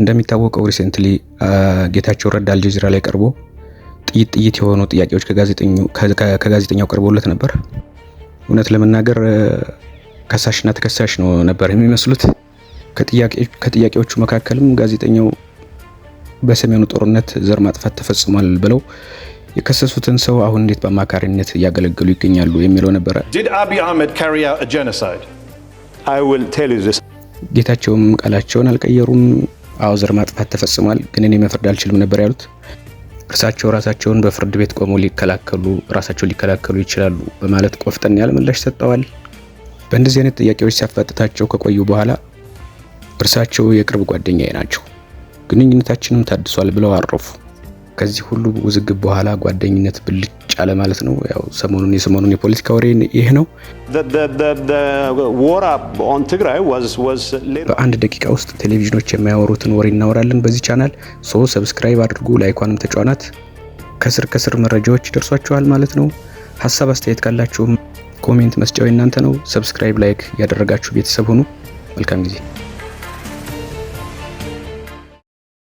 እንደሚታወቀው ሪሴንትሊ ጌታቸው ረዳ አልጀዚራ ላይ ቀርቦ ጥይት ጥይት የሆኑ ጥያቄዎች ከጋዜጠኛው ቀርቦለት ነበር። እውነት ለመናገር ከሳሽና ተከሳሽ ነው ነበር የሚመስሉት። ከጥያቄዎቹ መካከልም ጋዜጠኛው በሰሜኑ ጦርነት ዘር ማጥፋት ተፈጽሟል ብለው የከሰሱትን ሰው አሁን እንዴት በአማካሪነት እያገለገሉ ይገኛሉ የሚለው ነበረ። ጌታቸውም ቃላቸውን አልቀየሩም። አዎ ዘር ማጥፋት ተፈጽሟል፣ ግን እኔ መፍረድ አልችልም ነበር ያሉት እርሳቸው ራሳቸውን በፍርድ ቤት ቆመው ሊከላከሉ ራሳቸው ሊከላከሉ ይችላሉ በማለት ቆፍጠን ያለ ምላሽ ሰጥተዋል። በእንደዚህ አይነት ጥያቄዎች ሲያፋጥታቸው ከቆዩ በኋላ እርሳቸው የቅርብ ጓደኛዬ ናቸው፣ ግንኙነታችንም ታድሷል ብለው አረፉ። ከዚህ ሁሉ ውዝግብ በኋላ ጓደኝነት ብልጭ አለ ማለት ነው። ያው ሰሞኑን የሰሞኑን የፖለቲካ ወሬ ይህ ነው። በአንድ ደቂቃ ውስጥ ቴሌቪዥኖች የሚያወሩትን ወሬ እናወራለን በዚህ ቻናል። ሶ ሰብስክራይብ አድርጉ። ላይኳንም ተጫናት። ከስር ከስር መረጃዎች ይደርሷችኋል ማለት ነው። ሀሳብ አስተያየት ካላችሁም ኮሜንት መስጫው የእናንተ ነው። ሰብስክራይብ ላይክ ያደረጋችሁ ቤተሰብ ሁኑ። መልካም ጊዜ